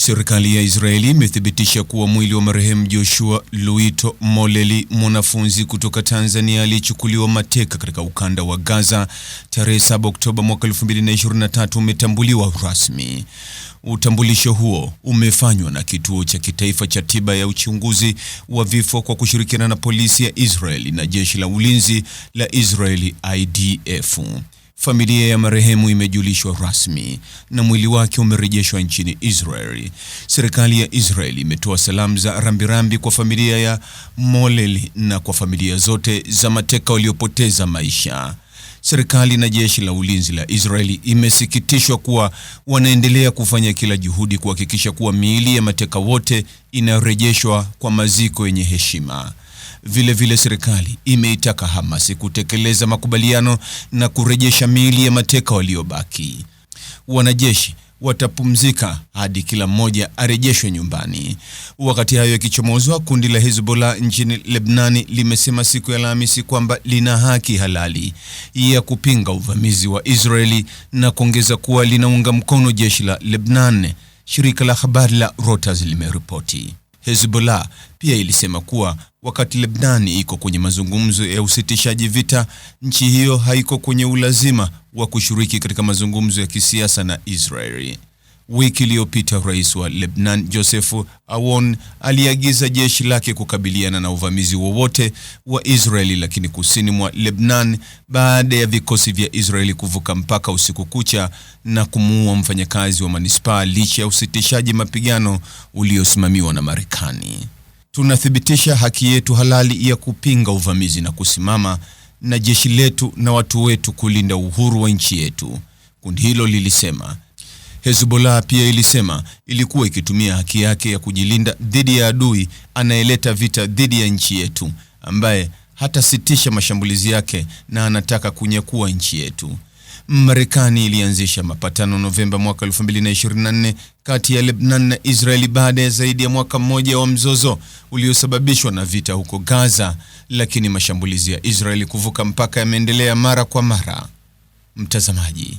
Serikali ya Israeli imethibitisha kuwa mwili wa marehemu Joshua Luito Moleli, mwanafunzi kutoka Tanzania aliyechukuliwa mateka katika ukanda wa Gaza tarehe 7 Oktoba mwaka 2023 umetambuliwa rasmi. Utambulisho huo umefanywa na Kituo cha Kitaifa cha Tiba ya Uchunguzi wa Vifo kwa kushirikiana na polisi ya Israeli na Jeshi la Ulinzi la Israeli IDF. Familia ya marehemu imejulishwa rasmi na mwili wake umerejeshwa nchini Israel. Serikali ya Israel imetoa salamu za rambirambi kwa familia ya Molel na kwa familia zote za mateka waliopoteza maisha. Serikali na jeshi la ulinzi la Israeli imesikitishwa kuwa wanaendelea kufanya kila juhudi kuhakikisha kuwa miili ya mateka wote inarejeshwa kwa maziko yenye heshima. Vile vile serikali imeitaka Hamas kutekeleza makubaliano na kurejesha miili ya mateka waliobaki. Wanajeshi watapumzika hadi kila mmoja arejeshwe nyumbani. Wakati hayo yakichomozwa, kundi la Hezbollah nchini Lebnani limesema siku ya Alhamisi kwamba lina haki halali ya kupinga uvamizi wa Israeli na kuongeza kuwa linaunga mkono jeshi la Lebnan, shirika la habari la Reuters limeripoti. Hezbollah pia ilisema kuwa wakati Lebanon iko kwenye mazungumzo ya usitishaji vita, nchi hiyo haiko kwenye ulazima wa kushiriki katika mazungumzo ya kisiasa na Israeli. Wiki iliyopita rais wa Lebanon Joseph Aoun aliagiza jeshi lake kukabiliana na uvamizi wowote wa Israeli, lakini kusini mwa Lebanon, baada ya vikosi vya Israeli kuvuka mpaka usiku kucha na kumuua mfanyakazi wa manispaa, licha ya usitishaji mapigano uliosimamiwa na Marekani. Tunathibitisha haki yetu halali ya kupinga uvamizi na kusimama na jeshi letu na watu wetu kulinda uhuru wa nchi yetu, kundi hilo lilisema. Hezbollah pia ilisema ilikuwa ikitumia haki yake ya kujilinda dhidi ya adui anayeleta vita dhidi ya nchi yetu, ambaye hatasitisha mashambulizi yake na anataka kunyakua nchi yetu. Marekani ilianzisha mapatano Novemba mwaka 2024 kati ya Lebanon na Israeli baada ya zaidi ya mwaka mmoja wa mzozo uliosababishwa na vita huko Gaza, lakini mashambulizi ya Israeli kuvuka mpaka yameendelea mara kwa mara. Mtazamaji,